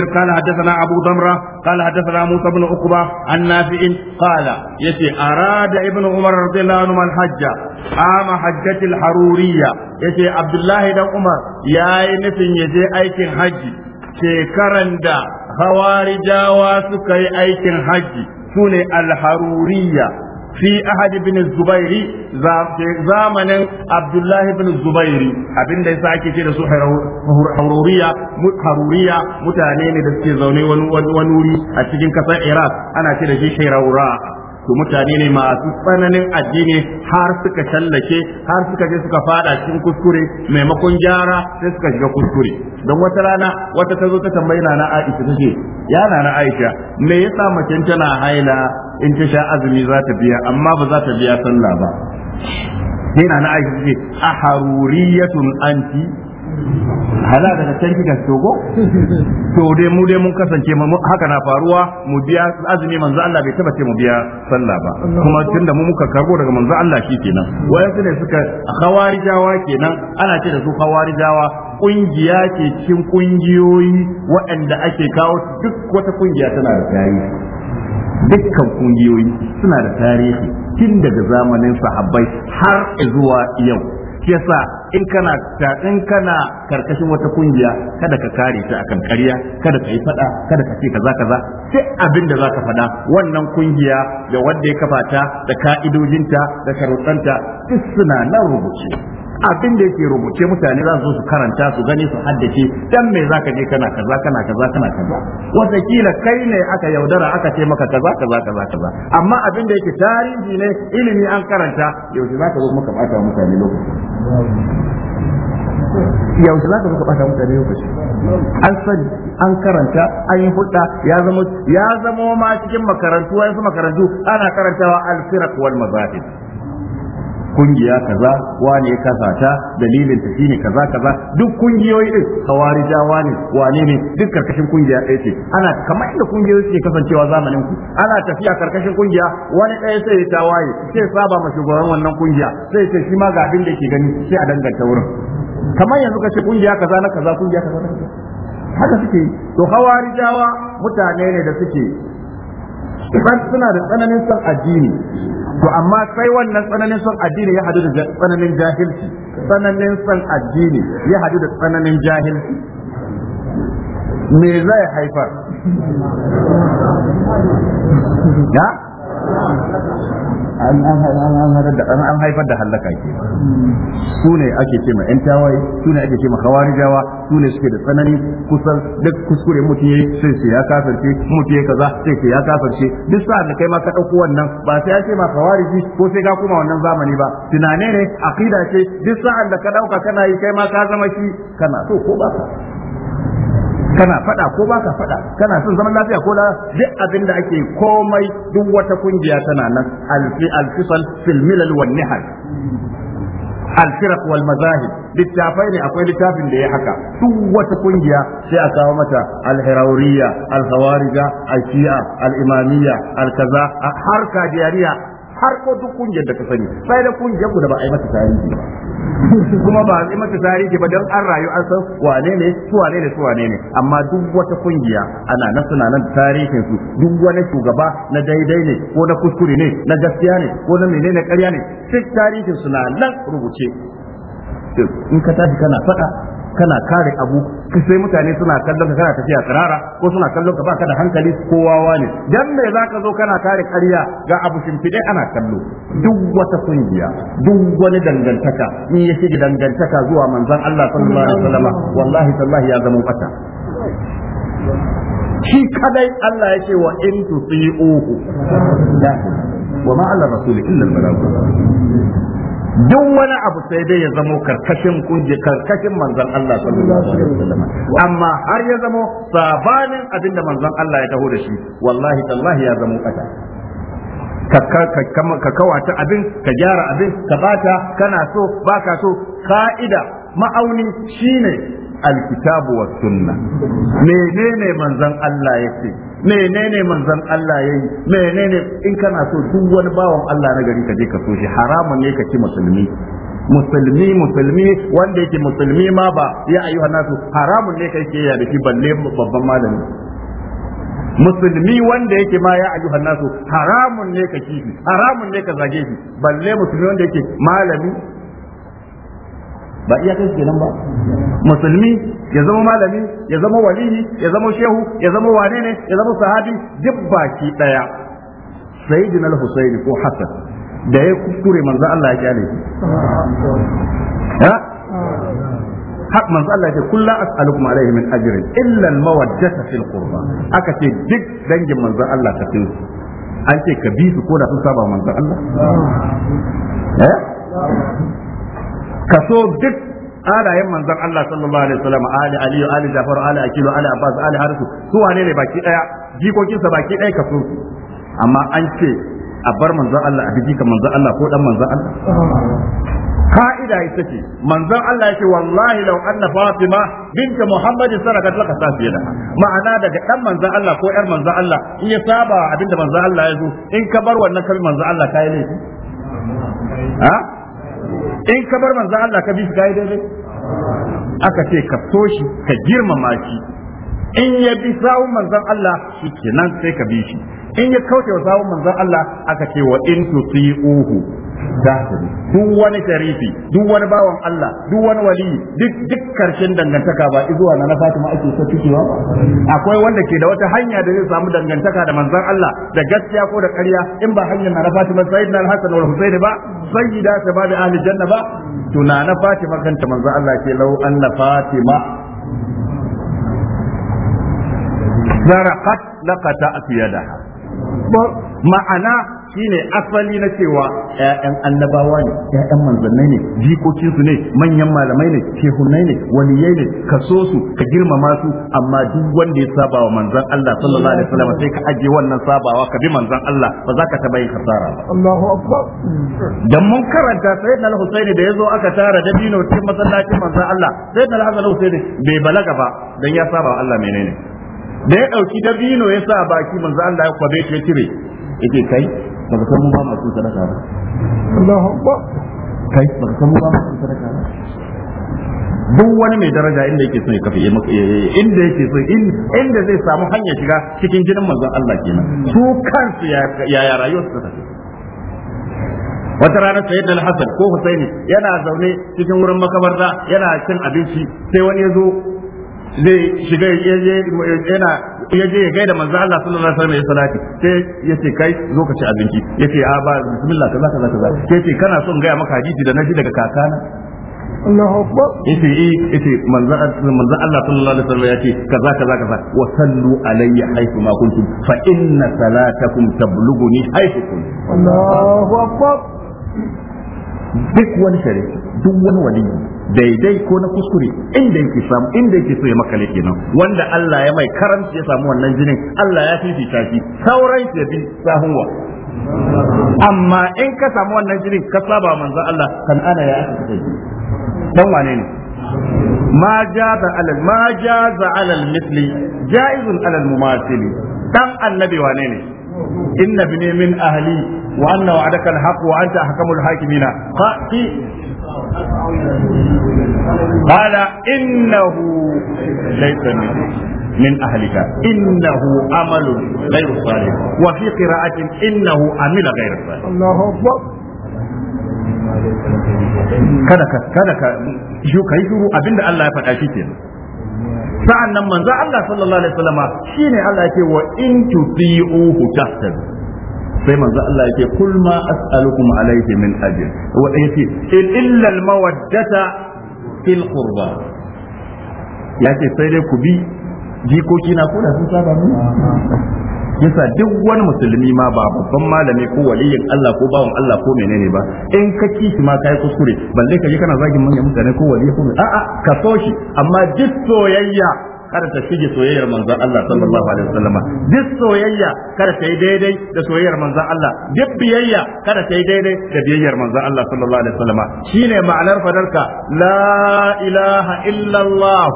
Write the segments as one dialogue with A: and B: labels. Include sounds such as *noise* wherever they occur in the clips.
A: قال حدثنا أبو ضمرة قال حدثنا موسى بن عقبة عن نافع قال يتي أراد ابن عمر رضي الله عنهما الحج عام حجة الحرورية يتي عبد الله بن عمر يا نفن يجي أيكن حج شكرا دا خوارجاوا سكي أيكن حج سنة الحرورية fi Ahadi ibn zubairi zamanin abdullahi ibn zubairi abinda yasa ake ce da su haruriya haruriya mutane ne da suke zaune wani wani wuri a cikin kasar iraq ana ce da shi shairaura to mutane ne masu tsananin addini har suka tallake har suka je suka fada cikin kuskure maimakon gyara sai suka shiga kuskure don wata rana wata ta zo ta tambayi na Aisha take ya nana Aisha me yasa mace tana haila in ta sha azumi za ta biya amma ba za ta biya sallah ba sai na Aisha take a haruriyatun anti hala da can kika fito to dai mu dai mun kasance haka na faruwa mu biya azumi manzo Allah bai taba ce mu biya sallah ba kuma tunda mu muka karbo daga manzo Allah shi kenan su ne suka khawarijawa kenan ana ce da su khawarijawa kungiya ke cikin kungiyoyi waɗanda ake kawo duk wata kungiya tana da tarihi dukkan kungiyoyi suna da tarihi tun daga zamanin sahabbai har zuwa yau yasa in kana in kana karkashin wata kungiya kada ka kare ta akan ƙarya kada ka yi faɗa kada ka ce kaza kaza sai abin da ka faɗa wannan kungiya da wanda ya kafa ta da ka'idojinta da sharuɗanta duk suna nan rubuce abin da yake rubuce mutane za su su karanta su gani su haddace dan me zaka je kana kaza kana kaza kana kaza wata kila kai ne aka yaudara aka ce maka kaza kaza kaza kaza amma abin da yake tarihi ne ilimi an karanta yaushe zaka zo maka bata mutane lokaci yaushe za zo ka bata mutane lokaci an sani an karanta an yi hulɗa ya zama ya zama ma cikin makarantu wasu makarantu ana karantawa al firq wal mazahib kungiya kaza wane ya kasata dalilin ta shine kaza kaza duk kungiyoyi din khawarijawa ne wane ne duk karkashin kungiya ɗaya ce ana kamar inda kungiyoyi suke kasancewa zamanin ku ana tafiya karkashin kungiya wani ɗaya sai ya tawaye sai saba ma shugaban wannan kungiya sai ce shi ma ga abin da yake gani sai a danganta wurin kamar yanzu kace kungiya kaza na kaza kungiya kaza na kaza haka suke to khawarijawa mutane ne da suke suna da tsananin san addini to amma sai wannan tsananin son addini ya hadu da tsananin jahilci tsananin son addini ya hadu da tsananin jahilci me zai haifar an an haifar da halaka ke su ne ake ce ma yan tawaye su ne ake ce ma khawarijawa su ne suke da tsanani kusan duk kuskure mutum yayi sai sai ya kafirce mutum yayi kaza sai sai ya kafirce duk sa'an da kai ma ka dauko wannan ba sai ya ce ma khawariji ko sai ka kuma wannan zamani ba tunane ne aqida ce duk sa'an da ka dauka kana yi kai ma ka zama shi kana so ko ba kana fada ko baka fada kana son zaman lafiya ko la duk abin da ake komai duk wata kungiya tana nan alfi alfisal fil milal wan nihal alfirq wal mazahib littafai ne akwai littafin da ya haka duk wata kungiya sai a kawo mata alhirauriya alhawarija alshi'a alimamiyya alkaza har kadiyariya har ko duk kungiyar da ka sani sai da kungiyar ku da ba a yi mata tarihi kuma ba a yi mata tarihi ba don an rayu an san wane ne su wane ne su wane ne amma duk wata kungiya ana nan suna nan tarihin su duk wani shugaba na daidai ne ko na kuskure ne na gaskiya ne ko na menene ƙarya ne duk tarihin suna nan rubuce in ka tashi kana faɗa kana kare abu sai mutane suna kallon ka kana tafiya karara ko suna kallon ka ba ka da hankali ko wawa ne dan me zaka zo kana kare ƙarya ga abu shimfide ana kallo duk wata kungiya duk wani dangantaka in ya shiga dangantaka zuwa manzon Allah sallallahu alaihi wasallam wallahi tallahi ya zama fata shi kadai Allah ya ce wa in tusi'uhu wa ma rasul illa al duk wani abu sai dai ya zamo karkashin kunje karkashin manzon Allah sallallahu alaihi wasallam amma har ya zamo sabanin abinda manzon Allah ya taho da shi wallahi tallahi ya zamo kata ka kawata abin ka gyara abin ka bata kana so baka so ka'ida ma'auni shine alkitabu wa sunna menene manzan Allah yake menene manzon Allah yayi menene in kana so duk wani bawan Allah na gari ka ka so shi haramun ne ka musulmi musulmi musulmi wanda yake musulmi ma ba ya ayyuhan nasu haramun ne kai ke ya da shi balle babban malami musulmi wanda yake ma ya ayyuhan nasu haramun ne ka kifi haramun ne ka zage shi balle musulmi wanda yake malami ba iya kai kenan ba musulmi ya zama malami ya zama walihi ya zama shehu ya zama wane ne ya zama sahabi duk baki daya sayyidina al-husaini ko hasan da ya kuskure manzo Allah ya kyale ha hak manzo Allah ya ce kullu as'alukum alaihi min ajrin illa al-mawaddata fil qurba aka ce duk dangin manzo Allah ta fi an ce ka bi su ko da sun saba manzo Allah eh kaso duk alayen manzon Allah sallallahu alaihi wasallam ali ali ali ali akilu ali abbas ali harisu su Wanene ne baki daya jikokinsa baki daya kaso amma an ce a bar manzon Allah a biji ka manzon Allah ko dan manzon Allah ka'ida ita ce manzon Allah yake wallahi law anna Fatima bint Muhammad sarakat laka safiyada ma'ana daga ɗan manzon Allah ko yar manzon Allah in ya saba abinda manzon Allah ya zo in ka bar wannan kalmar manzon Allah kai laifi in ka bar manzo Allah ka bi shi kai daidai aka ce ka so shi ka girmama shi in ya bi sawun manzon Allah shi kenan sai ka bi shi in ya kauce wa sawun manzon Allah aka ce wa in tuti'uhu za ta duk wani sharifi duk wani bawan Allah duk wani wali duk duk karshen dangantaka ba zuwa na na Fatima ake so cikewa akwai wanda ke da wata hanya da zai samu dangantaka da manzon Allah da gaskiya ko da ƙarya in ba hanyar na na Fatima sayyidina al-Hasan wal Husayn ba sayyida ta ba da ahli janna ba to na na Fatima kanta manzon Allah ke lau anna Fatima zarqat laqata yadaha ma'ana shine asali na cewa ƴaƴan annabawa ne ƴaƴan manzannai ne jikokin su ne manyan malamai ne shehunai ne waliyai ne ka so su ka girmama su amma duk wanda ya saba wa manzon Allah sallallahu alaihi wasallam sai ka aje wannan sabawa ka bi manzon Allah ba za ka taba yin kasara ba Allahu akbar dan mun karanta sayyidina al-Husaini da yazo aka tara da dino cikin masallacin manzon Allah sayyidina al-Husaini bai balaga ba dan ya saba wa Allah menene da ya dauki dabino ya sa baki manzo Allah ya kwabe ya cire yake kai baka san mu ba masu sadaka ba Allahu akbar kai baka san mu ba masu sadaka ba duk wani mai daraja inda yake so ya kafa inda yake so inda zai samu hanyar shiga cikin jinin manzon Allah kenan su kansu ya ya rayuwar su tafi wata rana sayyid al-hasan ko husaini yana zaune cikin wurin makabarta yana cin abinci sai wani ya zo zai shiga yana ya je ya gaida manzo Allah sallallahu alaihi wasallam ya salati sai ya ce kai zo ka ci abinci ya ce a ba bismillah kaza kaza kaza sai ce kana son gaya maka hadisi da naji daga kakana Allahu akbar yace eh yace manzo manzo Allah sallallahu alaihi wasallam yace kaza kaza kaza wa sallu alayya haythu ma kuntum fa inna salatakum tablughuni haythu kuntum Allahu akbar duk wani shari'a duk wani wani daidai ko na kuskure inda yake samu inda yake so ya maka lake nan wanda Allah ya mai karamci ya samu wannan jinin Allah ya fifita shi sauran shi bi sahuwa amma in ka samu wannan jinin ka saba manzo Allah kan ana ya aka dan wane ne ما جاز على ما alal على المثل جائز mumathili dan annabi wane ne inna bi min ahli wa anna wa'adaka al-haq wa anta ahkamul hakimina qati من أهلك إنه عمل غير صالح وفي قراءة إنه عمل غير صالح kada ka yi ka shuru abinda Allah ya faɗa shi kenan sa'an nan manzo Allah sallallahu alaihi wasallama shine Allah yake wa in tuti'uhu tahtadu sai manzo Allah yake kul ma as'alukum alayhi min ajr wa yace illa al mawaddata fil qurba yace sai dai ku bi jikoki na ko da sun saba mu yasa duk wani musulmi ma ba babban malami ko waliyin Allah ko bawan Allah ko menene ba in ka kishi ma kai kuskure balle ka je kana zagin manyan mutane ko waliyi ko a'a ka so shi amma duk soyayya kada ta shige soyayyar manzon Allah sallallahu alaihi wasallam duk soyayya kada ta yi daidai da soyayyar manzon Allah duk biyayya kada ta yi daidai da biyayyar manzon Allah sallallahu alaihi wasallam shine ma'anar fadarka la ilaha illallah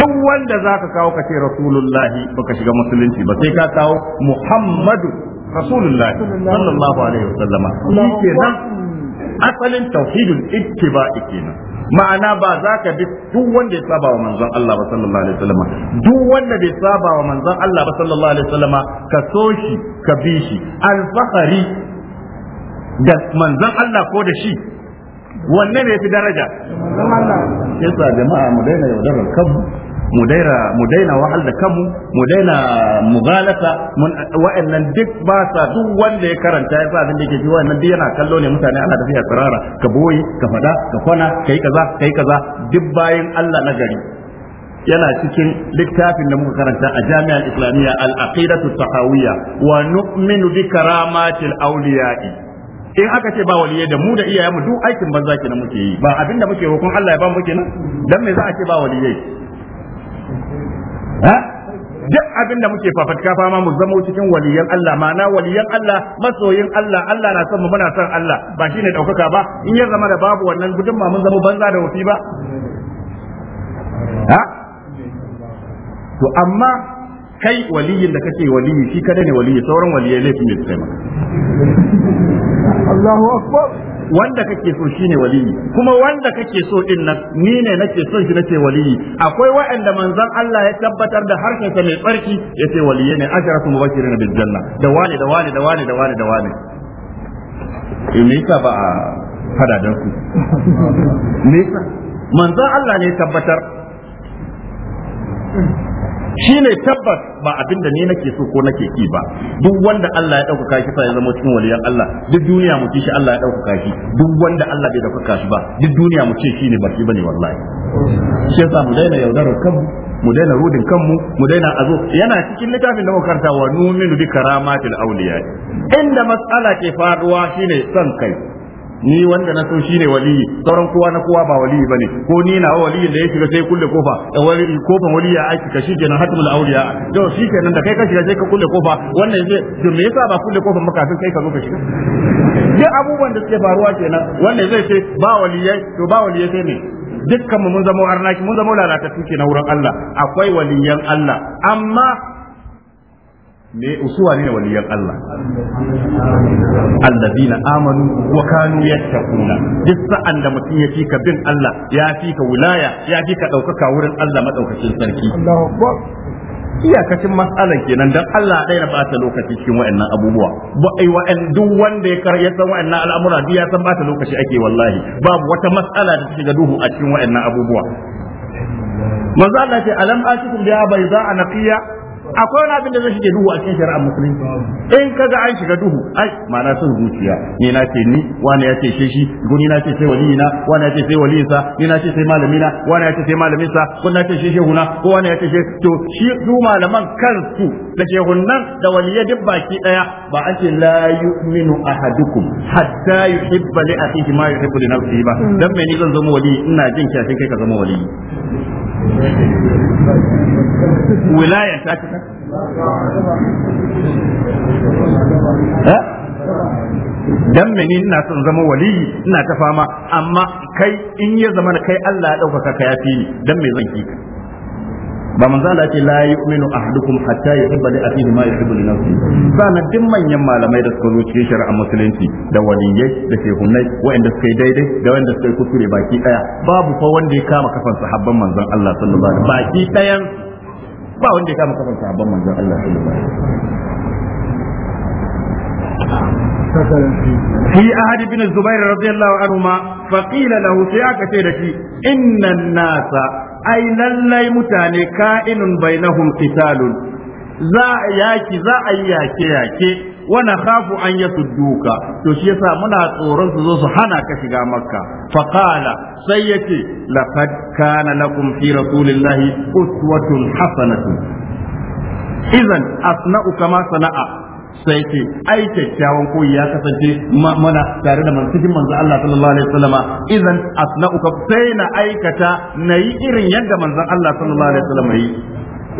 A: duk wanda zaka kawo ka ce rasulullahi baka shiga musulunci ba sai ka kawo muhammadu rasulullahi sallallahu alaihi wasallama shi kenan asalin tauhidul ittiba'i kenan ma'ana ba za ka bi duk wanda ya saba wa manzon Allah ba sallallahu alaihi wasallam duk wanda bai saba wa manzon Allah ba sallallahu alaihi wasallam ka so shi ka bi shi alfahari da manzon Allah ko da shi wanne ne fi daraja yasa jama'a mu daina yaudarar kanmu mu daina mu daina wahal da kanmu mu daina mugalata wa'annan duk ba sa duk wanda ya karanta ya sa abin da yake ji wa'annan duk yana kallo ne mutane ana tafiya tsirara ka boye ka fada ka kwana kai kaza kai kaza duk bayan Allah na gari yana cikin littafin da muka karanta a jami'ar islamiyya al-aqidatu tahawiyya wa nu'minu bi karamatil awliya'i in aka ce ba waliyai da mu da iyayenmu duk aikin banza na muke yi ba abinda muke hukun Allah ya ba mu kenan dan me za a ce ba waliyai duk abin da muke fafatka fama mu zama cikin waliyan Allah mana waliyan Allah masoyin Allah Allah na son mu muna son Allah ba shine daukaka ba in ya zama da babu wannan gudun ma mun zama banza da wafi ba ha to amma kai waliyin da kake waliyi shi kada ne waliyi sauran waliyai laifin ne su kai Allahu akbar wanda kake so shine waliyi kuma wanda kake so din nan ni ne nake so, shi nake waliyi akwai wa'anda manzon Allah ya tabbatar da harkar sa mai tsarki yace waliyi ne ajratu mubashirin bil janna da wani da wani da wani da wani da wani eh, me yasa ba a fada da ku *laughs* me yasa manzon Allah ne tabbatar shi ne tabbas ba abin da ni nake so ko nake ki ba duk wanda Allah ya dauka shi sai ya zama cikin waliyan Allah duk duniya mu ci shi Allah ya dauka shi duk wanda Allah bai dauka shi ba duk duniya mu ce shi ne baki bane wallahi shi yasa mu daina yaudarar kanmu mu daina rudin kanmu mu daina azo yana cikin littafin da makarta wa numinu bi karamatil awliya inda mas'ala ke faruwa shine son kai ni wanda na so shine waliyi sauran kowa na kowa ba waliyi bane ko ni na waliyi da ya shiga sai kulle kofa kofa waliyi a aiki ka shi kenan hatmul auliya to shi kenan da kai ka shiga sai ka kulle kofa wannan yace to me yasa ba kulle kofa maka sai ka zo ka shiga duk abubuwan da suke faruwa kenan wannan zai ce ba waliyai to ba waliyai sai ne dukkan mu mun zama arnaki mun zama lalatattu kenan wurin Allah akwai waliyan Allah amma me usuwa ne waliyan Allah allazina amanu wa kanu yattaquna duk sa'an da mutum ya fika bin Allah ya fika wilaya ya fika daukaka wurin Allah madaukakin sarki Allahu akbar iyakacin mas'alan kenan dan Allah ɗaya na bata lokaci cikin wa'annan abubuwa ba ai wa'an duk wanda ya kar san wa'annan al'amura duk ya san bata lokaci ake wallahi babu wata mas'ala da take ga duhu a cikin wa'annan abubuwa manzo Allah ce alam atikum bi bayda anaqiya akwai wani abin da zai shige duhu a cikin shari'ar musulunci in kaga an shiga duhu ai ma'ana sun zuciya ni na ce ni wani ya ce shi shi guni na ce sai wali na wani ya ce sai wali sa ni na ce sai malami na wani ya ce sai malamin sa ko na ce shi shehu na ko wani ya ce shi to shi su malaman kansu da shehun nan da waliyya duk baki daya ba an ce la yu'minu ahadukum hatta yuhibba li akhihi ma yuhibbu li nafsihi ba mm. dan me ni zan zama wali ina jin kyashin kai ka zama wali wilayan ta cika eh? dan mene ina son zama wali ina ta fama amma kai in ya zama kai Allah ya ɗaukaka ka yafi ni dan me zan kika ba manzo Allah ce la yu'minu ahadukum hatta yuhibba li akhihi ma yuhibbu li nafsihi sanan din manyan malamai da suka zo cikin shari'ar musulunci da waliyai da hunnai wa'anda suka yi daidai da wanda suka yi kuskure baki daya babu fa wanda ya kama kafan sahabban manzon Allah sallallahu alaihi wasallam baki dayan ba wanda ya kama kafan sahabban manzon Allah sallallahu alaihi wasallam في أحد
B: بن الزبير رضي
A: الله عنهما فقيل له سياك سيدتي إن الناس أي للي متاني كائن بينهم قتال za a yaki za a yi yake yake wana khafu an ya duka to shi yasa muna tsoron su zo su hana ka shiga makka fa qala sai yace laqad kana lakum fi rasulillahi asna'u kama sana'a sai ce ai kyakkyawan koyi ya kasance mana tare da cikin manzo Allah sallallahu alaihi wasallama idan asna'uka sai na aikata na yi irin yadda manzan Allah sallallahu alaihi wasallama yi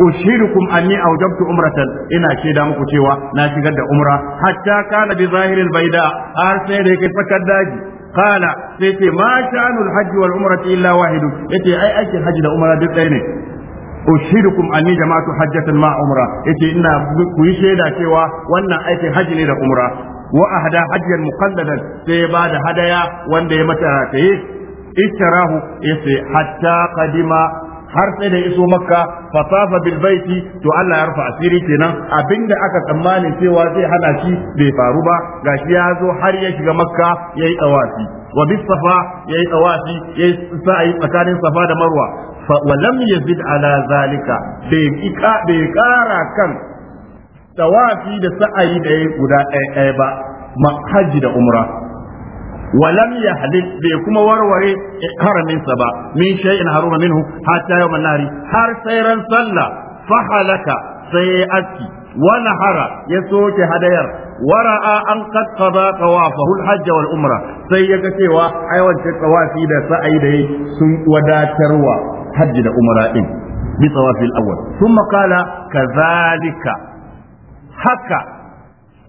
A: ushirukum anni awjabtu umratan ina shaida muku cewa na shigar da umra hatta kana bi zahiril da har sai da yake fakar daji qala sai ce ma sha'anul hajji wal umrati illa wahidu yace ai aikin hajji da umra duk ɗaya ne ushidukum anni jama'atu hajjatan ma umra yace ina kuyi yi cewa wannan aikin hajji ne da umra wa ahda hajjan muqalladan sai ya da hadaya wanda ya mata tayi Ya yace hatta qadima har sai da iso makka fasafa bil baiti to Allah ya rufa asiri kenan abinda aka tsammanin cewa zai hana shi bai faru ba gashi ya zo har ya shiga makka yayi tsawafi wa bis safa yayi tsawafi yayi yi tsakanin safa da marwa ولم يزد على ذلك bai ƙara kan tawafi da sa'ayi da ya guda ɗaya ba ma da umra walam ya halil bai kuma warware haraminsa ba min shay'in haruma minhu hatta yawm nari har sai ran sallah fa halaka sai ya aski wa nahara ya soke hadayar ورأى أن قد قضى طوافه الحج والعمرة sai ya ga cewa ai wancan tsawafi da sa'ai da sun wadatarwa hajji da umara din bi tawafil awwal sun qala kadhalika haka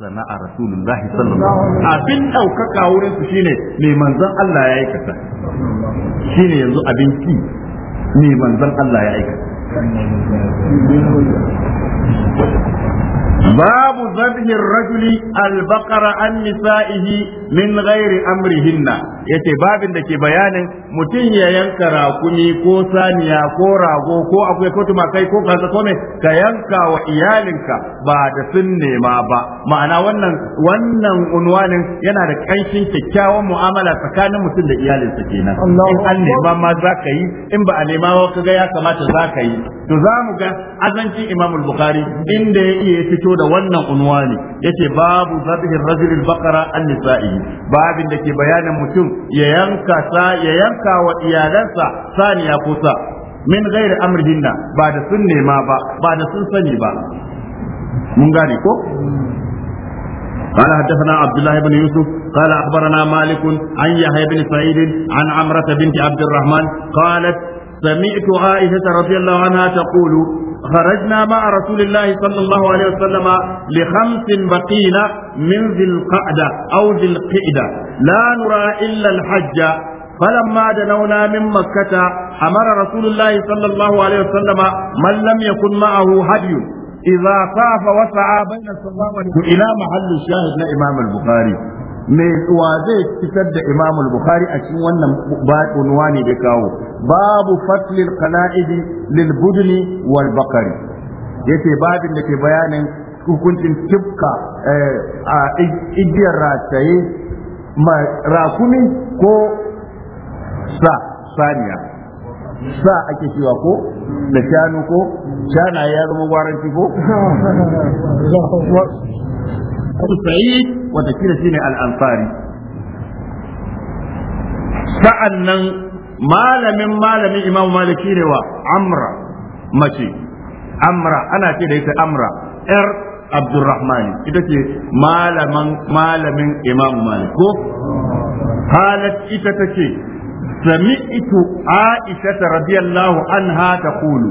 A: sana'a rasulullah sallallahu alaihi abin daukaka wurin su shine mai manzon Allah ya aikata باب ذبح الرجل البقرة عن نسائه من غير أمرهن yace babin da ke bayanin mutum ya yanka rakumi ko saniya ko rago ko akwai ko tumakai ko kaza ko mai ka yanka wa iyalinka ba da sun nema ba ma'ana wannan wannan unwanin yana da kanshin kyakkyawan mu'amala tsakanin mutum da iyalinsa kenan in an nema ma za ka yi in ba a nema ba kaga ya kamata za ka yi to za mu ga azancin imamul bukhari inda ya iya fito da wannan unwani yace babu zabihir rajulil baqara an nisa'i babin da ke bayanin mutum ya yanka sa ya yanka wa iyalansa saniya kusa min ghairi amrihinna ba da sun nema ba ba da sun sani ba mun gane ko قال حدثنا عبد الله بن يوسف قال أخبرنا مالك عن يحيى بن سعيد عن عمرة بنت عبد الرحمن قالت سمعت رضي الله عنها تقول خرجنا مع رسول الله صلى الله عليه وسلم لخمس بقين من ذي القعدة أو ذي القعدة لا نرى إلا الحج فلما دنونا من مكة أمر رسول الله صلى الله عليه وسلم من لم يكن معه هدي إذا طاف وسعى بين الصفا والمروة إلى محل الشاهد لإمام البخاري Mai wa zai fitar da Imam al Bukhari a cikin wannan unwani da kawo babu fatlil qala'id lil budni wal baqari yace babin da ke bayanin hukuncin tibka eh, a igiyar rataye rakumi ko sa saniya sa ake cewa ko da shanu ko shana ya zama gwaranci ko *laughs* watakila shine al-ansari nan malamin malamin imamu maliki ne wa amra mace amra ana ce da ita amra yar abdurrahmani ita ce malaman malamin imamu malik ko halat ita take سمعت عائشة رضي الله عنها تقول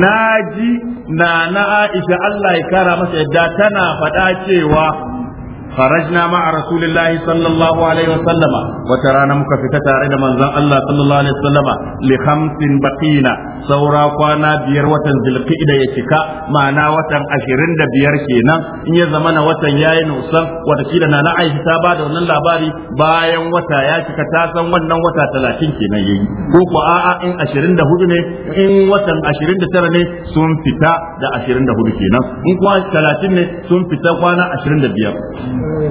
A: ناجي نانا عائشة الله يكرم سيدا تنا فتاتي خرجنا مع رسول الله صلى الله عليه وسلم وترانا مكفتة تارد من زن الله صلى الله عليه وسلم لخمس بقينا سورا قوانا بير وطن ذي القئدة يتكا معنا وطن أشرين دا بير كينا إن يزمنا وطن ياي نوصل وتشيلنا نعي حسابا دون اللاباري بايا وطا ياتك تاسا ونن وطا تلاتين كينا يي كوكو آآ إن أشرين دا هدني إن وطن أشرين دا ترني سن فتا دا أشرين دا هدو كينا إن كوان تلاتين سن فتا قوانا أشرين دا بير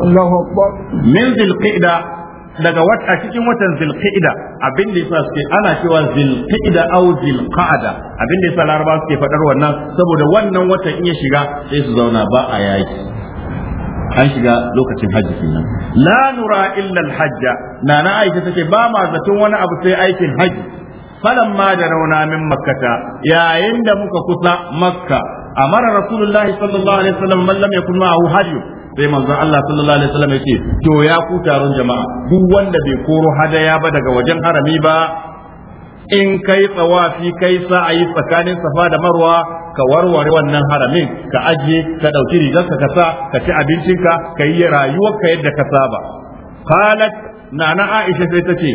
A: Allahu akbar min zulqa'da daga wata a cikin watan zulqa'da abin da yasa suke ana cewa zulqa'da au zulqa'da abin da yasa laraba suke fadar wannan saboda wannan watan in ya shiga sai su zauna ba a yaki an shiga lokacin hajji kenan la nura illa al-hajja nana Aisha take ba ma zaton wani abu sai aikin hajji فلما جنونا من مكة يا عند مكة كسا مكة أمر رسول الله صلى الله عليه وسلم من لم يكن معه هدي sai manzon Allah sallallahu alaihi wasallam yace to ya ku taron jama'a duk wanda bai koro hadaya ba daga wajen harami ba in kai tsawafi kai sa'ayi tsakanin safa da marwa ka warware wannan haramin ka ajiye ka dauki rigarka ka sa ka ci abincinka ka yi ka yadda ka saba qalat nana Aisha sai ta ce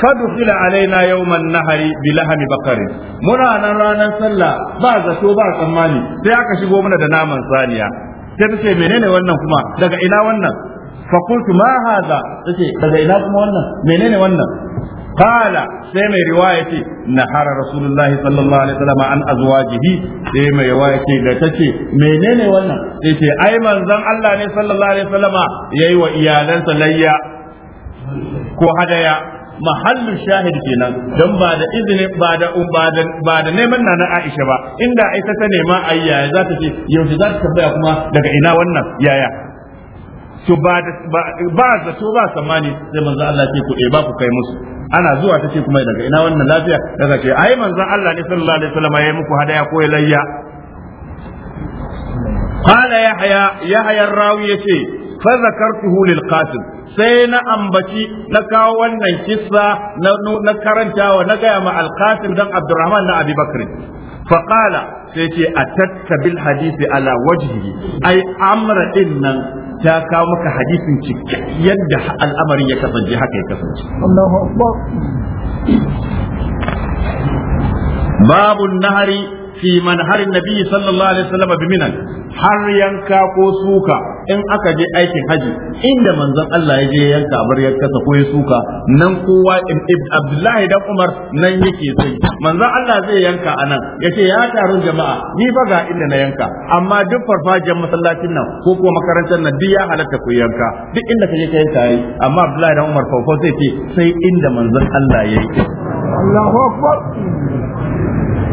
A: kadu fila alaina yawman nahari bi lahami bakari muna nan ranar sallah ba zato ba tsammani sai aka shigo mana da naman saniya sai ta ce menene wannan kuma daga ina wannan fakultu ma ta ce daga ina kuma wannan menene wannan kala sai mai riwaya ce na hara rasulullahi sallallahu alaihi wasallam an azwajihi sai mai riwaya ce da ce menene wannan ta ce ai manzon Allah ne sallallahu alaihi wasallam yayi wa iyalansa layya ko hadaya mahallu shahid kenan dan ba da izini ba da ba ba da neman na Aisha ba inda Aisha ta nema ayya za ta ce yaushe za ta tabbaya kuma daga ina wannan yaya to ba ba zato ba samani sai manzo Allah ce ku eh ba ku kai musu ana zuwa ta ce kuma daga ina wannan lafiya daga ce ai manzo Allah ne sallallahu alaihi wasallam ya yi muku hadaya ko ya layya قال يحيى يحيى الراوي يتي فذكرته للقاسم sai na ambaci na kawo wannan kissa na karantawa na gaya ma alqasim dan abdurrahman na abi bakr faqala sai ce atatka bil hadisi ala wajhihi ai amra din nan ta kawo maka hadisin cikin yadda al'amarin ya kasance haka ya kasance
C: Allahu akbar
A: babu nahari fi manharin nabi sallallahu alaihi wasallam minan, har yanka ko suka in aka je aikin haji inda manzon Allah ya je yanka bar ya kasa ko ya suka nan kowa in Abdullahi dan Umar nan yake sai manzon Allah zai yanka anan yace ya taron jama'a ni ba ga inda na yanka amma duk farfajiyar masallacin nan ko kuma makarantar nan duk ya halatta ku yanka duk inda kaje kai kai amma Abdullahi dan Umar ko sai ce sai inda manzon Allah ya
C: Allahu akbar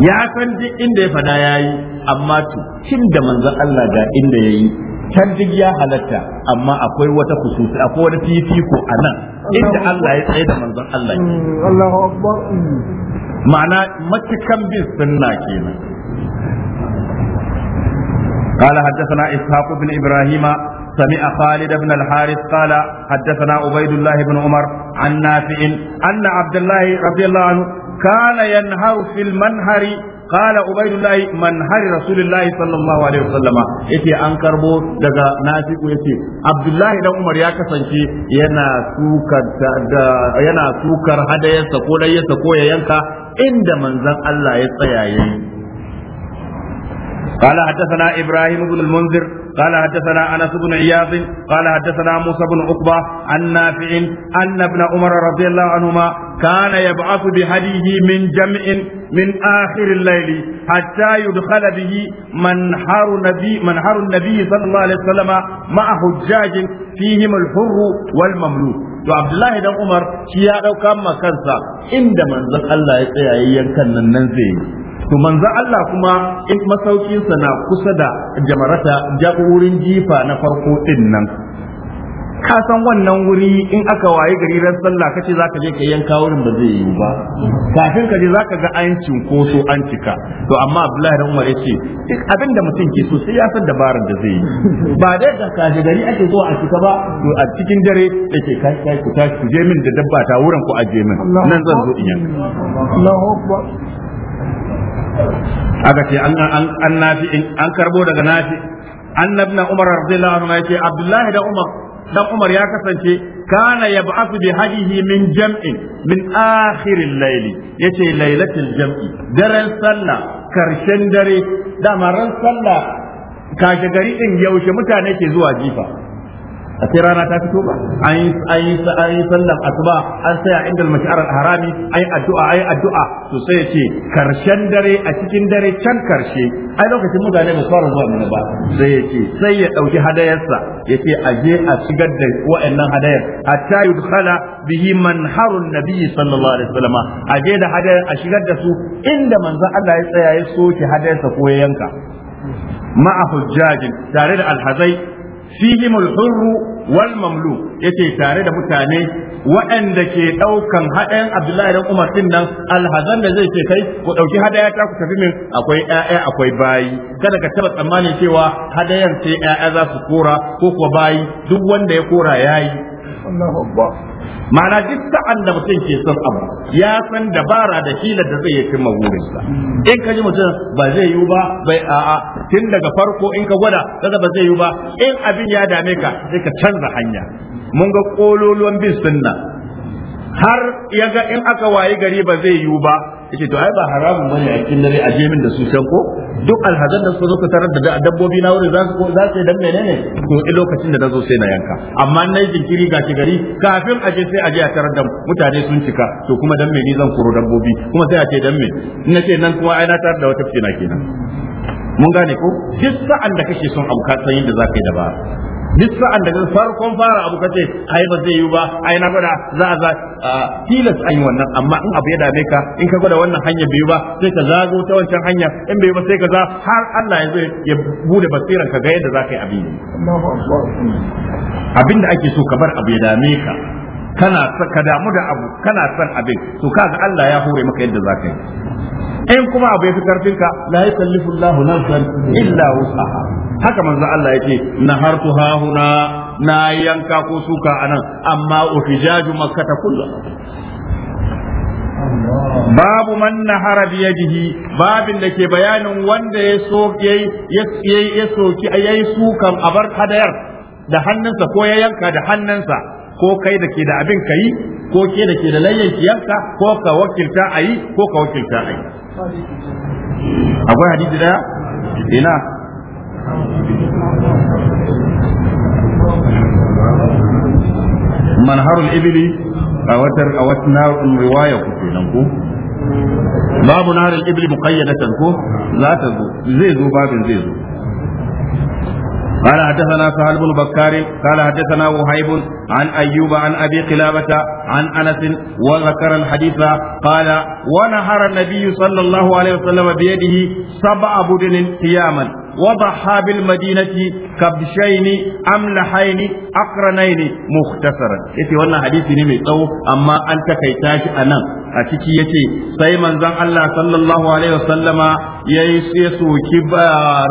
A: ya san duk inda ya fada yi, amma to tun da manzon Allah ga inda ya yi, can duk ya halatta amma akwai wata kususi akwai wani fifiko a nan inda Allah ya tsaye da manzon Allah mm, Allahu akbar ma'ana matukan bin sunna kenan قال حدثنا إسحاق بن إبراهيم سمع خالد بن الحارث قال حدثنا عبيد الله بن عمر عن نافع أن عبد الله رضي الله عنه كان ينهر في المنهر قال عبيد الله منهر رسول الله صلى الله عليه وسلم يتي أن كربو دغا ناسك يتي عبد الله بن عمر يا كسنشي ينا سوكر ينا سوكر هذا يسكو لا يسكو ينكا عند منزل الله يتيا قال حدثنا إبراهيم بن المنذر قال حدثنا انس بن عياض قال حدثنا موسى بن عقبه عن نافع ان ابن عمر رضي الله عنهما كان يبعث بهديه من جمع من اخر الليل حتى يدخل به منحر النبي منحر النبي صلى الله عليه وسلم مع حجاج فيهم الحر والمملوك to Abdullahi dan Umar shi ya dauka ma kansa inda manzon Allah ya tsaya yayyan kan nan nan zai yi to manzo Allah kuma in masaukinsa na kusa da jamarata ja wurin jifa na farko din nan ka san wannan wuri in aka waye gari ran sallah kace zaka je ka yanka wurin ba zai yi ba kafin ka je zaka ga an cinkoso an cika to amma Abdullahi da Umar yace duk abinda mutum ke so sai ya san dabarar da zai yi ba dai da kaje gari ake zuwa a cika ba to a cikin dare yake kai kai ku tashi ku je min da dabba ta wurin ku aje min nan zan zo in yanka Allahu akbar aka ce an nafi an karbo daga nafi umar radiyallahu anhu ya abdullahi da umar dan umar ya kasance kana yab'athu bi hadihi min jam'in min akhiril layli yace lailatul jam'i daren sallah karshen dare dama ran sallah kashe gari din yaushe mutane ke zuwa jifa a sai rana ta fito ba an yi sallar asuba an saya inda al-mash'ar harami ai addu'a ai addu'a to sai ya ce karshen dare a cikin dare can karshe ai lokacin mutane ba su fara zuwa ba sai ya ce sai ya dauki hadayarsa ya ce a je a shigar da wa'annan hadayar hatta yudkhala bihi manharun nabi sallallahu alaihi wasallam a je da hadayar a shigar da su inda manzon Allah ya tsaya ya soke hadayarsa ko ya yanka ma'a hujjajin tare da alhazai fihim al wal mamlu yace tare da mutane waɗanda ke ɗaukan haɗayan Abdullahi dan Umar din nan alhazan da zai ce kai ku ɗauki hadaya ta ku tafi min akwai ƴaƴa akwai bayi kada ka taba tsammanin cewa hadayan sai ƴaƴa za su kora ko kuwa bayi duk wanda ya kora yayi ma'ana duk sa'an da mutum ke son abu ya san dabara da hilar da zai cimma sa. in ka ji mutum ba zai yi ba bai a'a tun daga farko in ka gwada kaga ba zai yi ba in abin ya dame ka sai ka canza hanya mun ga kololuwan bin sunna har yaga in aka wayi gari ba zai yi ba yace to ai ba haramun bane a cikin dare a min da su can ko duk alhazan da suka zo ka tarar da dabbobi na wuri za su za su dan menene to in lokacin da nazo sai na yanka amma nayi jinkiri ga gari kafin a je sai a je a tarar da mutane sun cika to kuma dan menene ni zan koro dabbobi kuma sai a ce dan me in ce nan kuma ai na tarar da wata fitina kenan mun gane ko duk sa'an da kake son abu ka san yadda za ka yi ba. duk sa'an daga farkon fara abu kace ai ba zai yi ba ai na gwada za a za tilas an yi wannan amma in abu ya dame ka in ka gwada wannan hanya bai ba sai ka zago ta wancan hanya in bai ba sai ka za har Allah ya zai ya bude basiran ka ga yadda za ka yi abin abin da ake so ka bar abu ya dame ka kana ka damu da abu kana son abin to kaga Allah ya hore maka yadda zaka yi in kuma abu ya fi karfin ka la yukallifu Allah nafsan illa wus'aha haka manzo Allah yake nahartu huna na yanka ko suka anan amma ufijaju makkata kullu babu man nahara bi yadihi babin da ke bayanin wanda ya soke ya soki ayi sukan abar hadayar da hannunsa ko ya yanka da hannunsa ko kai da ke da abin ka yi ko ke da ke da layyan kiyarka ko ka wakilta a yi ko ka wakilta a yi akwai hadisi daya ina manharul ibili a watar a na'urin riwaya ku kenan ko babu na'urin ibili muqayyadatan ko za ta zo zai zo babin zai zo قال حدثنا سهل بن بكار قال حدثنا وهيب عن ايوب عن ابي قلابه عن انس وذكر الحديث قال ونهر النبي صلى الله عليه وسلم بيده سبع بدن قياما وضحى بالمدينة كبشين أملحين أقرنين مختصرا يتي وانا حديث نمي تو أما أنت كيتاج أنا أتكي يتي سيما زن الله صلى الله عليه وسلم يسيسو كبا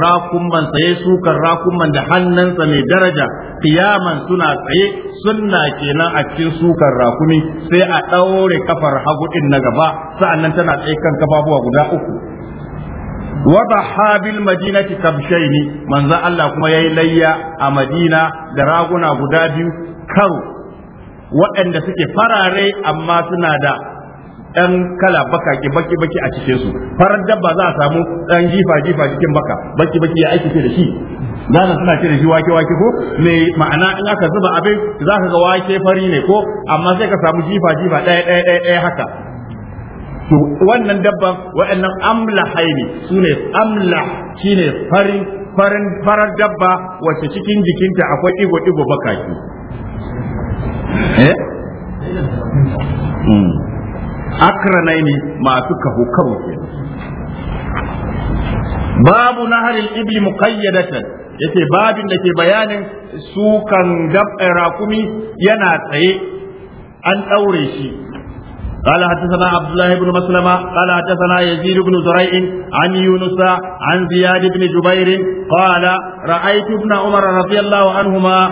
A: راكم من سيسو كراكم من دحنن سمي درجة قياما سنة sunna سنة كنا cikin sukan rakumi sai a ɗaure kafar hagu ɗin na gaba sa'annan tana tsaye وضحى بالمدينة كبشين layya a الله da Raguna guda biyu غدابي كرو suke farare amma suna da ɗan kala baka ke baki baki a cikin su farar dabba za a samu ɗan jifa jifa cikin baka baki baki ya aiki da shi Nana suna ce da shi wake wake ko me ma'ana in aka zuba abin za ka ga wake fari ne ko amma sai ka samu jifa jifa ɗaya ɗaya ɗaya haka to wannan dabban wa'annan Amla ne sune amla shine farin farin farar dabba wacce cikin jikinta akwai igo igo bakaki eh hmm. akranai ne masu kaho kaho babu naharil ibli muqayyadatan yace babin da ke bayanin sukan dabba eh, rakumi yana tsaye an daure shi قال حدثنا عبد الله بن مسلمة قال حدثنا يزيد بن زريع عن يونس عن زياد بن جبير قال رأيت ابن عمر رضي الله عنهما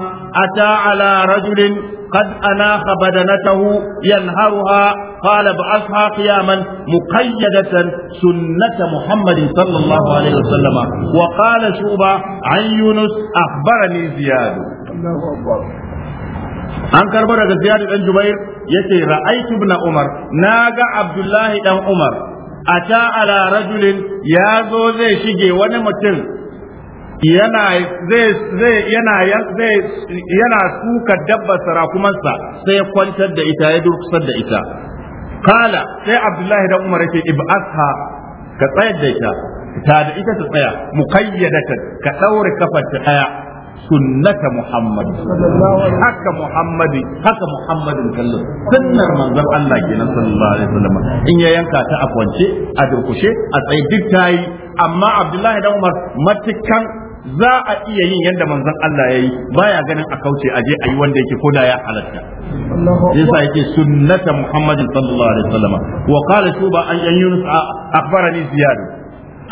A: أتى على رجل قد أناخ بدنته ينهرها قال بعثها قياما مقيدة سنة محمد صلى الله عليه وسلم وقال شوبة عن يونس أخبرني زياد الله أكبر an karba daga ziyar dan jubair yace ra'aytu ibn umar naga abdullahi dan umar ata ala rajulin ya zo zai shige wani mutum yana zai zai yana zai yana suka dabba sarakumansa sai kwantar da ita ya durkusar da ita kala sai abdullahi dan umar yace ib'atha ka tsayar da ita ta da ita ta tsaya muqayyadatan ka daure kafarta daya sunnata muhammad haka muhammadi haka muhammadin kallon sunnar manzon Allah kenan sallallahu alaihi wasallam in ya yanka ta a kwance a durkushe a tsaye duk tayi amma abdullahi dan umar za a iya yin yadda manzon Allah ya yi baya ganin a kauce aje a yi wanda yake koda ya halatta yasa yake sunnata muhammadin sallallahu alaihi wasallam wa qala shuba an yunus akhbarani ziyad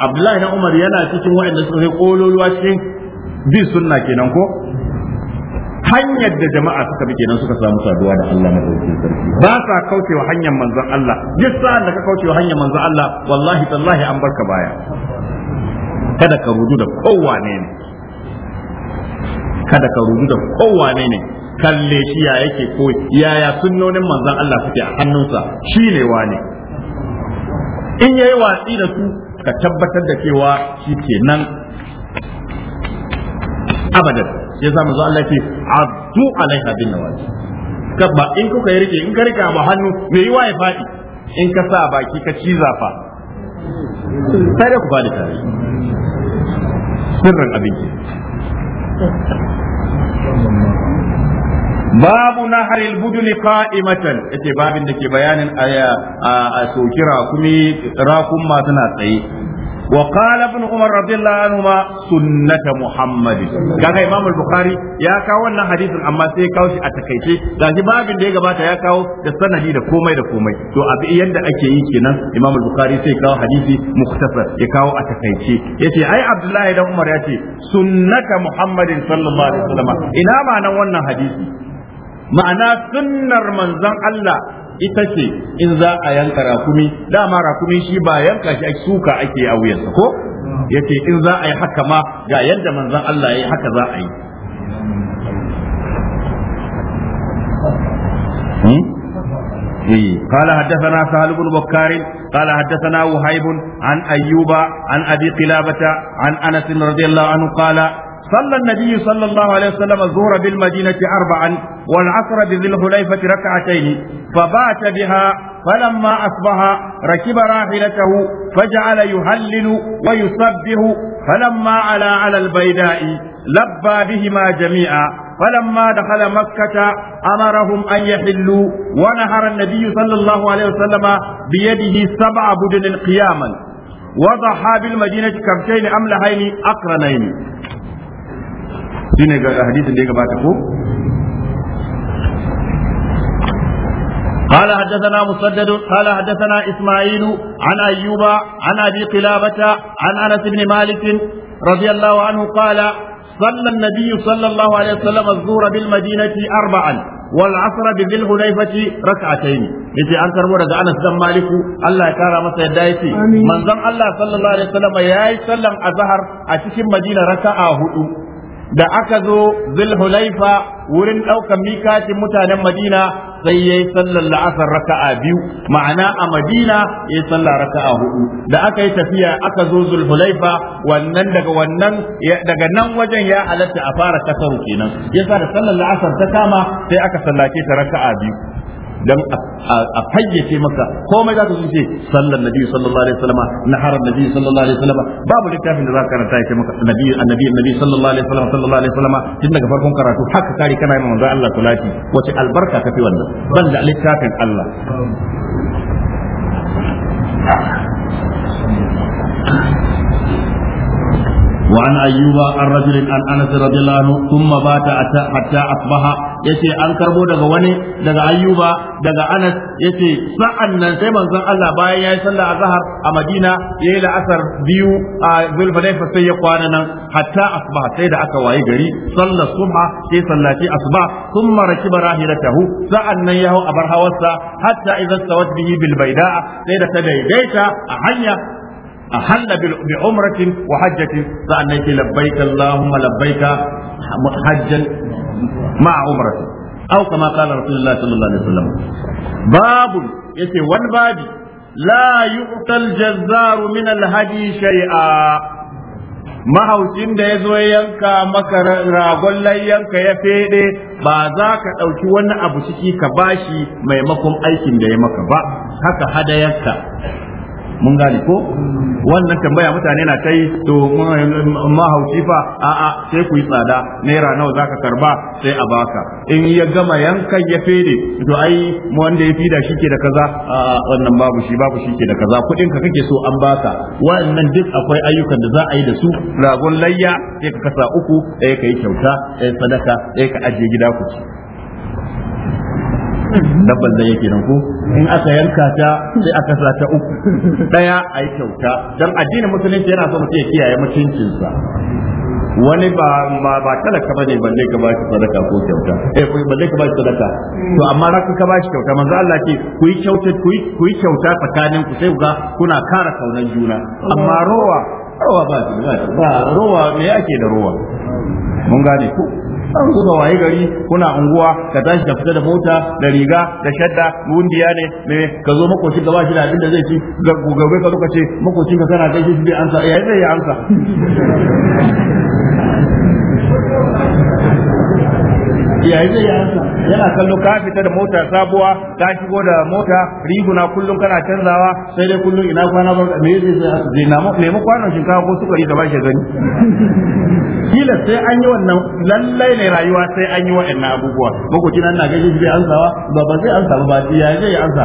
A: abdullahi na umar yana cikin waɗanda suka kai kololuwa cikin bi sunna kenan ko hanyar da jama'a suka bi kenan suka samu saduwa da Allah madaukakin sarki ba sa kaucewa hanyar manzon Allah duk sa'an da ka kaucewa hanyar manzon Allah wallahi tallahi an barka baya kada ka rudu da kowane ne kada ka rudu da kowane ne kalle shi ya yake ko yaya sunnonin manzon Allah suke a hannunsa shi ne wane in yayi watsi da su ka tabbatar da cewa shi kenan abadan sai za mu zo Allah ke abdu alaiha bin nawaji kabba in kuka yi rike in ka rika ba hannu me yi ya fadi in ka sa baki ka ci zafa sai da ku fadi tare sirrin abin ke babu naharil buduni qa'imatan yace babin da ke bayanin aya a sokira kuma rakun ma suna tsaye Waƙala sun umar Rabi'u Lallu ma sunnata Muhammadin. Ga ka imamul bukhari ya kawo wannan hadisin, amma sai ya kawo shi a takaice. Ga shi babin da ya gabata ya kawo da sanadi da komai da komai. To abe iya yadda ake yi kenan imamul bukari sai ya kawo hadisi mu ya kawo a takaice. yace ce ai Abdullahi dan umar yace sunnata Muhammadin salluma da kusama. Ina ma'anan wannan hadisi? Ma'ana sunnar manzon Allah. ita ce in za a yanka rakumi dama rakumi shi ba yanka shi suka ake a wuyansa ko yace in za a yi haka ma ga yadda manzon Allah ya yi haka za a yi قال حدثنا سهل بن بكار قال حدثنا وهيب عن أيوب عن أبي قلابة عن أنس رضي الله عنه قال صلى النبي صلى الله عليه وسلم الظهر بالمدينة أربعا والعصر بذي الحليفة ركعتين فبات بها فلما أصبح ركب راحلته فجعل يهلل ويسبه فلما على على البيداء لبى بهما جميعا فلما دخل مكة أمرهم أن يحلوا ونهر النبي صلى الله عليه وسلم بيده سبع بدن قياما وضحى بالمدينة كبشين أملحين أقرنين shine ga hadisin da ya gabata ko قال حدثنا مسدد قال حدثنا اسماعيل عن ايوب عن ابي قلابه عن انس بن مالك رضي الله عنه قال صلى النبي صلى الله عليه وسلم الظهر بالمدينه اربعا والعصر بذي الحليفة ركعتين يجي أن كربو دغ أنس دم مالك الله يكرا مسا يدايتي من زم الله صلى الله عليه وسلم ياي سلم أزهر أتكين مدينة ركعة هدو da aka zo zulhulaifa wurin ɗaukan mikatin mutanen madina sai ya yi sallar la'asar raka'a biyu ma'ana a madina ya yi sallar raka'a hudu da aka yi tafiya aka zo zulhulaifa wannan daga wannan daga nan wajen ya halatta a fara kasaru kenan yasa da sallar la'asar ta kama sai aka sallake ta raka'a biyu dan a fayyace maka komai za ka zo ce sallar nabi sallallahu alaihi wasallam naharar nabi sallallahu alaihi wasallam babu littafin da za ka karanta ya maka nabi annabi nabi sallallahu alaihi wasallam sallallahu alaihi wasallam tun daga farkon karatu haka kari kana yi manzo Allah salati wace albarka kafi wannan littafin Allah وعن أيوب عن رجل عن أنس رضي الله عنه ثم بات حتى أصبح yace an karbo daga wani daga ayyuba daga anas yace sa'an nan sai manzon Allah bayan yi sallah azhar a Madina yayi la'asar biyu a Zulfadaifa sai ya kwana nan hatta asbaha sai da aka waye gari sallar subha sai sallati asba thumma rakiba rahilatahu sa'an nan ya hau a bar hawarsa hatta idza tawat bihi bil bayda'a sai da ta daidaita a hanya أحل بعمرة وحجة فأنك لبيك اللهم لبيك حجا مع عمرة أو كما قال رسول الله صلى الله عليه وسلم باب يسي وان بابي لا يؤتى الجزار من الهدي شيئا mahaucin da ya zo yanka maka ragon yanka ya fede ba za ka ɗauki wani abu ciki ka bashi maimakon aikin da ya maka ba haka hadayanka mun gane ko wannan tambaya mutane na kai to to mahauci fa a'a sai ku yi tsada naira nawa zaka karba sai a baka in ya gama yankan ya fede to ai wanda ya fida shi ke da kaza wannan babu shi babu shi ke da kaza kudin ka kake so an baka wannan duk akwai ayyukan da za a yi da su ragon layya sai ka kasa uku sai ka yi kyauta sai sadaka sai ka ajiye gida ku ci dabban da yake nan ko in aka yanka ta sai aka sa ta uku daya a yi kyauta don addinin musulunci yana so mutum ya kiyaye mutuncinsa wani ba ba ba talaka bane balle ka ba shi sadaka ko kyauta eh ku balle ka ba shi sadaka to amma raka ka ba shi kyauta manzo Allah ke ku yi kyauta ku yi ku yi kyauta tsakanin ku sai ga kuna kara kaunan juna amma rowa rowa ba ba rowa me yake da rowa mun gane ku an kuka waye gari kuna unguwa ka tashi ka fita da mota da riga da shadda wundiya ne me ka zo makoci gaba shi da abin da zai ci ga gobe ka lokaci makocin ka kana gaishe shi bai ansa yayin zai yi ansa yayi zai yana kallo ka fita da mota sabuwa ka shigo da mota riguna kullum kana canzawa sai dai kullum ina kwana ba me zai zai na mu kwana kwanon shinkafa ko sukari da bashi gani kila sai an yi wannan lallai ne rayuwa sai an yi wa'annan abubuwa makoci nan na gaji zai ansawa ba ba zai ansa ba yayi zai ansa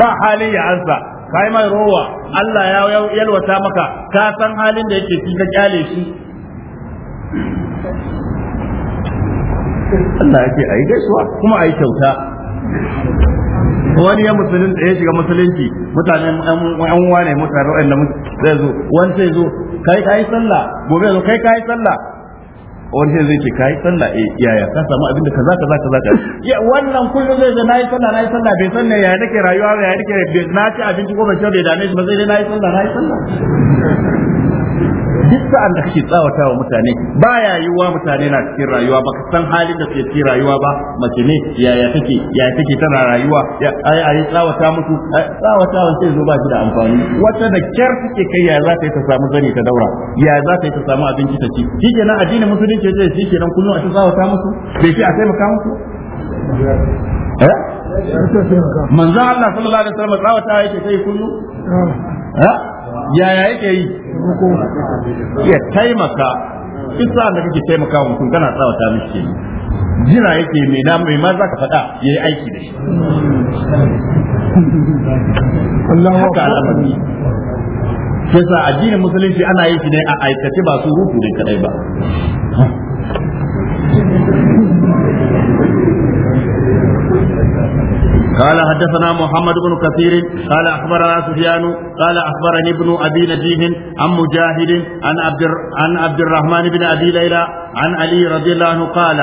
A: ba halin ya ansa kai mai rowa Allah ya yalwata maka ka san halin da yake shi ka kyale shi Allah ya ce a yi gaisuwa kuma a yi kyauta wani ya musulun ya shiga musulunci mutane yan uwa ne mutane wanda zai zo wani sai zo kai kai sallah gobe zo kai kai sallah wani sai zai ce kai sallah eh yaya ka samu abin da kaza kaza kaza ka ya wannan kullum zai ce nayi sallah nayi sallah bai san ne yaya nake rayuwa yaya nake na ci abinci ko ban sha ya dame shi ba zai na nayi sallah nayi sallah duk sa'an da kake wa mutane baya yiwuwa mutane na cikin rayuwa baka san halin da suke cikin rayuwa ba mace ne yaya take yaya take tana rayuwa ai ai tsawata musu tsawata sai zo ba shi da amfani wata da kyar take kai ya za ta yi ta samu zani ta daura ya za ta yi ta samu abinci ta ci shikenan addinin musulunci ce shikenan kullun a ta tsawata musu bai shi a taimaka musu eh? manzo Allah sallallahu alaihi wasallam tsawata yake sai kullum ah. eh yaya yake yi ya taimaka isa da kake taimaka wa mutum kana tsawa ta miki jira yake mai na mai ma zaka faɗa ya aiki da shi Allahu akbar sai addinin musulunci ana yin shi ne a aikace ba su rufu ne kadai ba قال حدثنا محمد بن كثير قال اخبرنا سفيان قال اخبرني ابن ابي نجيح عن مجاهد عن عبد عن عبد الرحمن بن ابي ليلى عن علي رضي الله عنه قال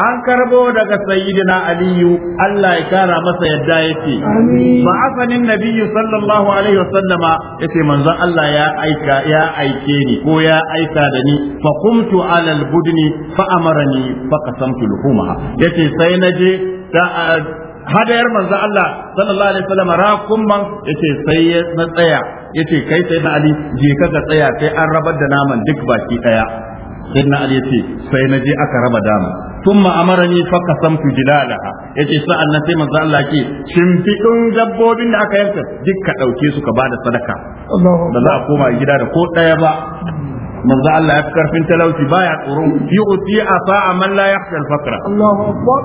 A: an karbo daga sayyidina aliyu Allah ya kara masa yadda yake ba asanin nabiyyu sallallahu alaihi wasallama yace manzon Allah ya aika ya aike ni ko ya aika da ni fa qumtu ala al-budni fa amarani fa qasamtu luhumaha yace sai naje ta hadayar manzo Allah sallallahu alaihi wasallam rakum man yace sai ya tsaya yace kai sai na Ali je ka ga tsaya sai an rabar da naman duk baki daya sai na Ali yace sai na je aka raba dama thumma amarani fa qasamtu jilalaha yace sai na sai manzo Allah ke shimfidin dabbobin da aka yanka duk ka dauke su ka bada sadaka da za a koma gida da ko daya ba manzo Allah ya fi karfin talauci baya tsoro yu'ti asa'a man la yakhsha al-faqra Allahu akbar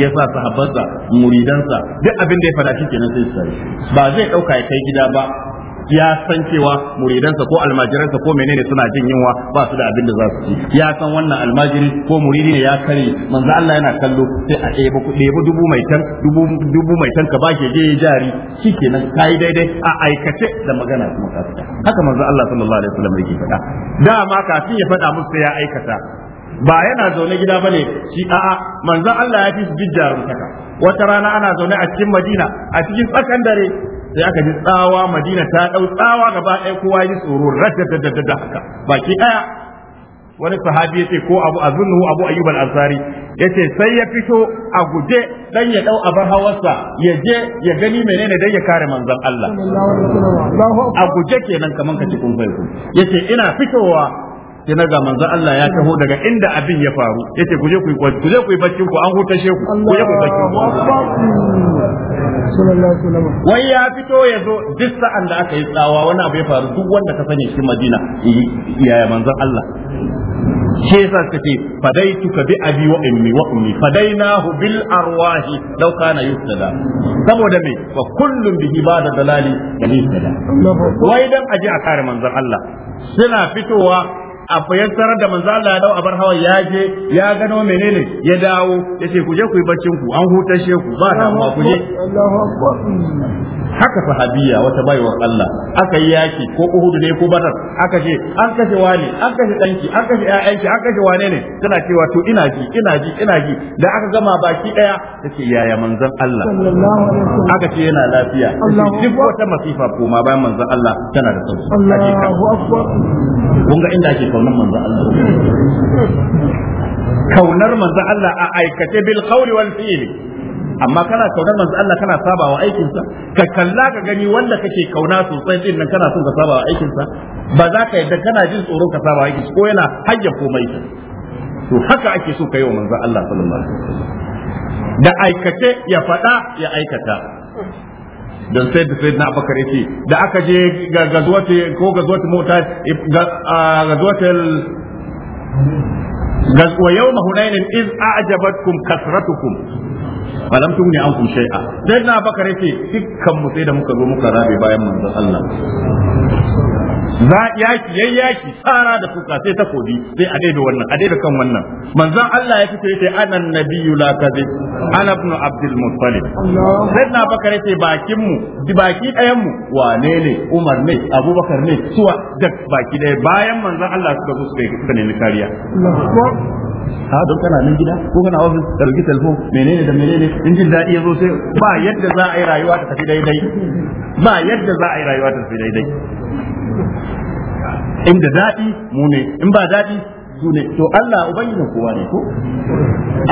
A: sa sahabbansa muridansa duk abin da ya fada shi kenan sai sai ba zai dauka ya kai gida ba ya san cewa muridansa ko almajiransa ko menene suna jin yunwa ba su da abin da za su ci ya san wannan almajiri ko muridi ne ya kare manzo Allah yana kallo sai a ɗebo ɗebo dubu mai tan dubu dubu mai tan ka ba ke je jari shikenan kai daidai a aikace da magana kuma ka fita haka manzo Allah sallallahu alaihi wasallam yake faɗa dama kafin ya faɗa musu sai ya aikata ba yana zaune gida bane shi a'a manzo Allah ya fi su jijjarun taka wata rana ana zaune a cikin Madina a cikin tsakan dare sai aka ji tsawa madina ta dau tsawa gaba ɗaya kowa ya ji tsoro da haka baki ɗaya wani sahabi yace ko abu azunnu abu ayyub al-ansari yace sai ya fito a guje dan ya dau abar hawarsa ya je ya gani menene dan ya kare manzon Allah a guje kenan kaman ka cikin faiku yace ina fitowa sai na ga manzon Allah ya taho daga inda abin ya faru yace ku je ku yi ku je ku yi baccin ku an hutashe ku ku je ku yi baccin ku wai ya fito ya zo duk sa'an da aka yi tsawa wani abu ya faru duk wanda ka sani shi Madina yaya manzon Allah Ke yasa suka ce fadaituka bi abi wa ummi wa ummi fadainahu bil arwahi law kana yustada saboda me wa kullun bi ibada dalali da yustada wai dan aje a kare manzon Allah suna fitowa a fayyantar da manzo Allah ya a bar hawa ya je ya gano menene ya dawo yace ku je ku yi baccin ku an she ku ba da ma ku je haka sahabiya wata baiwar Allah aka yi yaki ko Uhud ne ko batar, aka ce an kashe wani an kashe danki an kashe ƴaƴanki an kashe wane ne tana cewa to ina ji ina ji ina ji da aka gama baki daya tace yaya manzon Allah aka ce yana lafiya duk wata masifa ko ma bayan manzon Allah tana da sauki Allahu akbar kun ga inda ke kaunar manzo Allah kaunar manzo Allah a aikace bil qawli wal fi'li amma kana kaunar manzo Allah kana sabawa aikinsa ka kalla ka gani wanda kake kauna sosai din nan kana son ka sabawa aikinsa ba za ka yadda kana jin tsoron ka sabawa aikinsa ko yana hajja komai to haka ake so ka yi wa manzo Allah sallallahu alaihi wasallam da aikace ya faɗa ya aikata da sai da na bakar yake da aka je ga gazuwati ko gazuwati mota gazuwati wa yawma hunainin iz a'jabatkum kasratukum falam tugni ankum shay'a sayyidina abakar Bakar dukkan mu sai da muka zo muka rabe bayan manzon Allah za yaki yayi yaki tsara da kuka sai ta kodi sai a daida wannan a daida kan wannan manzon Allah ya fito yace anan nabiyyu la kadhi ana ibn abdul muttalib na bakare sai bakin mu baki ɗayan mu wane ne umar ne abubakar ne suwa da baki ɗaya bayan manzon Allah suka zo suka ni kariya ha don kana nan gida ko kana ofis ka rubuta telefon menene da menene in jin daɗi ya zo sai ba yadda za a yi rayuwa ta tafi daidai ba yadda za a yi rayuwa ta tafi daidai inda daɗi mu ne in ba daɗi su ne to Allah ubangijin kowa ne ko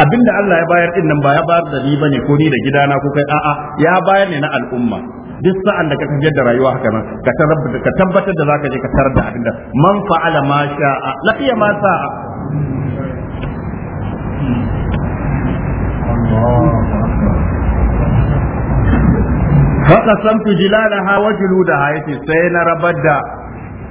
A: abinda Allah ya bayar din nan ba ya bayar da ni bane ko ni da gidana ko kai a'a ya bayar ne na al'umma duk sa'an da ka tafiyar da rayuwa haka nan ka tabbatar da zaka je ka tarar da abinda man fa'ala ma sha'a lafiya ma sa'a Haka samtu jilalaha wa juludaha yace sai na rabar da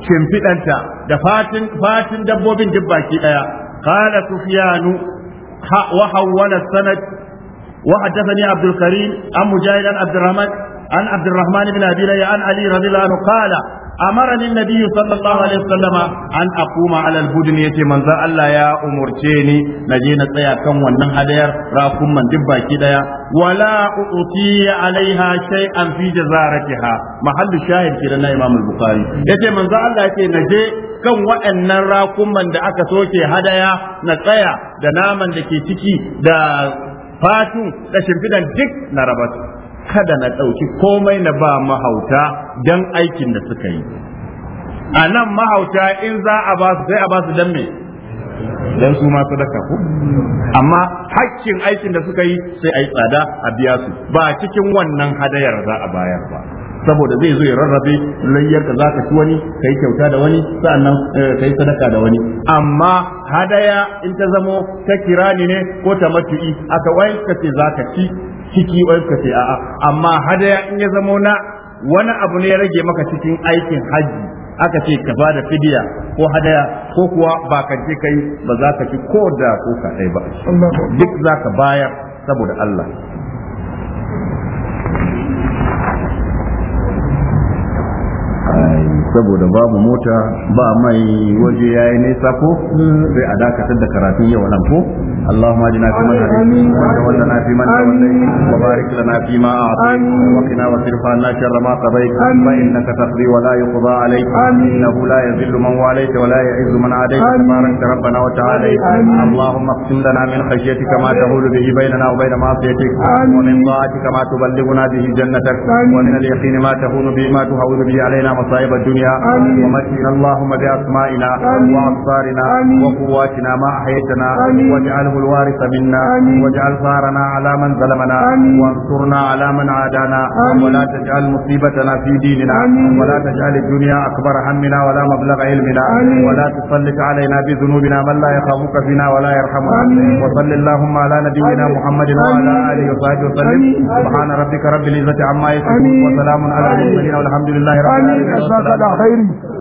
A: shimfiɗanta da fatin fatin dabbobin duk baki ɗaya Kala Sufiyanu, wa hawwala sanad wa haddathani abdul karim an mujahid an abdurrahman an abdurrahman ibn abi an ali radiyallahu anhu qala أمرني النبي صلى الله عليه وسلم أن أقوم على البدن يتي من ذا الله يا أمرتيني نجينا سيا كم ونن هدير راكم من دبا كدايا ولا أؤتي عليها شيئا في جزارتها محل الشاهد كدنا إمام البخاري يتي من ذا الله يتي نجي kan waɗannan rakuman da aka soke hadaya na tsaya da naman da ke ciki da fatun da shimfidan duk na rabatu kada na ɗauki komai na ba mahauta don aikin da suka yi a nan mahauta in za a ba su sai a ba su don me don su ma sadaka ko amma hakkin aikin da suka yi sai a yi tsada a biya su ba cikin wannan hadayar za a bayar ba saboda zai zo ya rarrabe layyar ka zaka ci wani kai kyauta da wani sa'annan eh, kai sadaka da wani amma hadaya in ta zamo ta kirani ne ko ta matu'i aka wai ka ce zaka ci ciki wai ka ce a'a amma hadaya in ya zamo na wani abu ne ya rage maka cikin aikin haji aka ce ka ba da fidiya ko hadaya ko kuwa ba ka je kai ba za ka ci ko da ko kaɗai ba duk za ka bayar saboda Allah
B: saboda babu mota ba mai waje yayi nesa ko sai a dakatar da karatun yau nan ko Allahumma fi fi wa barik lana fi ma wa wa sharra ma innaka wa la yuqda innahu la man wa la ya'izzu man rabbana wa ta'ala Allahumma lana min khashyatika ma tahulu bihi wa ma'siyatik wa min ta'atika ma tuballighuna bihi jannatak wa min al-yaqini ma tahunu bihi ma bihi alayna masa'ib ad الدنيا ومتعنا اللهم بأسمائنا وأبصارنا وقواتنا ما أحيتنا واجعله الوارث منا واجعل ثارنا على من ظلمنا وانصرنا على من عادانا ولا تجعل مصيبتنا في ديننا ولا تجعل الدنيا أكبر همنا ولا مبلغ علمنا ولا تسلط علينا بذنوبنا من لا يخافك فينا ولا يرحمنا وصل اللهم على نبينا محمد وعلى آله وصحبه وسلم سبحان ربك رب العزة عما يصفون وسلام على المرسلين والحمد لله رب العالمين
C: خيري